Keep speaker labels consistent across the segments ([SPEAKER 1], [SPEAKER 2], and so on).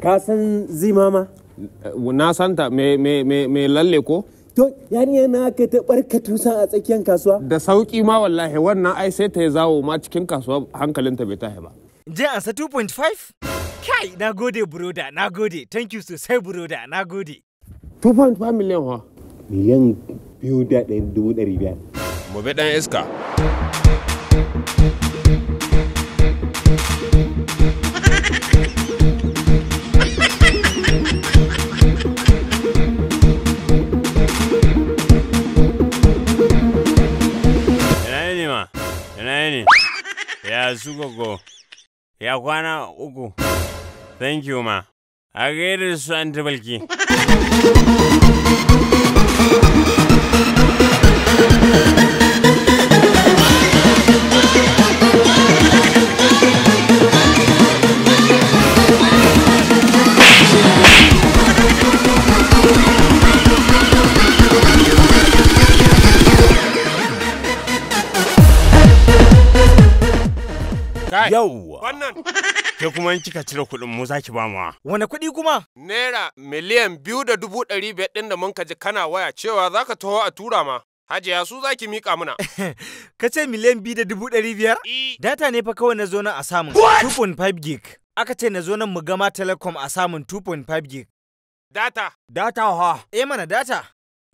[SPEAKER 1] ka san zimama na santa me lalle ko to yarinya na ka ta barka tusan a tsakiyar kasuwa da sauki ma wallahi wannan ai sai ta zawo ma cikin kasuwa hankalinta bai tashi ba je ansa 2.5 kai na gode broda na gode thank you sosai broda na gode
[SPEAKER 2] 2.5 miliyan ha miliyan biyu da ɗari biyar
[SPEAKER 1] mu bi ɗan iska
[SPEAKER 2] ya sugogo ya kwana uku thank you ma a gaida su an tabalki
[SPEAKER 1] Yau! Yawwa. Wannan.
[SPEAKER 2] Ke kuma in kika cire kuɗin mu zaki ba mu. Wane
[SPEAKER 1] kuɗi kuma? Naira miliyan biyu da dubu ɗari biyar ɗin da mun kaji kana waya cewa za ka taho a tura ma. Hajiya su za ki mika muna.
[SPEAKER 2] ka ce miliyan biyu da dubu ɗari biyar? E. Data ne fa kawai na zo nan a samun 2.5 gig. Aka ce na zo nan mu gama telecom
[SPEAKER 1] a samun 2.5 gig. Data. Data ha. Eh mana data.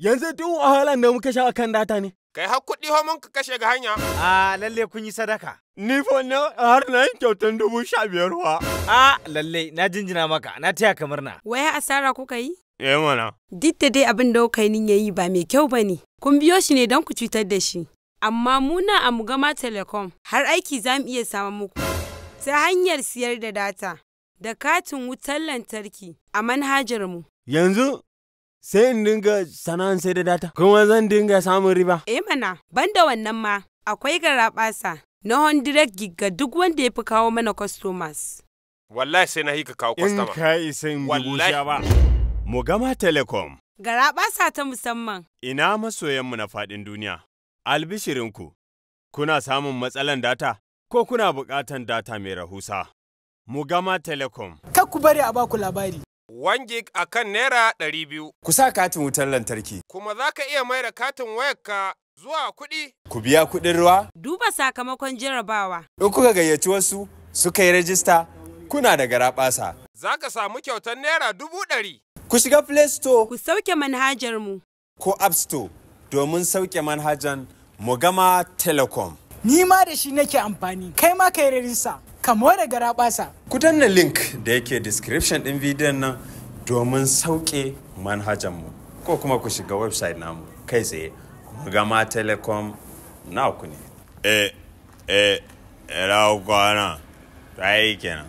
[SPEAKER 2] Yanzu duk wahalan da muka sha
[SPEAKER 1] akan data ne. kai har kuɗi homon ka kashe ga hanya. A lalle kun yi sadaka.
[SPEAKER 3] Ni fa na har na yin kyautan dubu sha biyar wa. A
[SPEAKER 1] lalle na jinjina
[SPEAKER 2] maka na taya ka murna.
[SPEAKER 3] Waya asara kuka yi? Eh mana. Duk da dai abin da kuka yi ba mai kyau ba ne. Kun biyo shi ne don ku cutar da shi. Amma mu na a Mugama Telecom har aiki za mu iya samu muku. Ta hanyar siyar da data da katin wutar lantarki a manhajar mu.
[SPEAKER 2] Yanzu sai in dinga sana'an sai da data kuma zan dinga samun
[SPEAKER 1] riba.
[SPEAKER 3] Eh mana banda wannan ma akwai garaɓasa na hundred gig ga duk wanda ya fi kawo mana customers.
[SPEAKER 1] Wallahi sai na hika kawo customer. In
[SPEAKER 2] ka isa in ba. Mugama Telecom.
[SPEAKER 3] Garaɓasa ta musamman.
[SPEAKER 2] Ina masoyanmu na faɗin duniya. Albishirinku, kuna samun matsalan data ko kuna buƙatan data mai rahusa. Mugama Telecom.
[SPEAKER 3] Kar ku bari a
[SPEAKER 1] baku labari. 1 gig a kan Naira 200. Ku
[SPEAKER 2] sa katin wutar lantarki.
[SPEAKER 1] Kuma za ka iya mai da katin wayarka zuwa kuɗi.
[SPEAKER 2] Ku biya kuɗin ruwa.
[SPEAKER 1] Duba sakamakon jarabawa.
[SPEAKER 2] In kuka gayyaci wasu suka yi rajista kuna da garaɓasa.
[SPEAKER 1] Za ka samu kyautar Naira dubu ɗari.
[SPEAKER 2] Ku shiga Play Store. Ku sauke manhajar mu. Ko App Store domin sauke manhajar Mugama Telecom.
[SPEAKER 3] Ni ma da shi nake amfani, kai ma ka yi rajista. ka more gara basa.
[SPEAKER 2] Ku danna link da yake description ɗin bidiyon nan domin sauke manhajanmu ko kuma ku shiga website namu kai tsaye gama telecom na ku ne. Eh, eh, ta eh, yi kenan.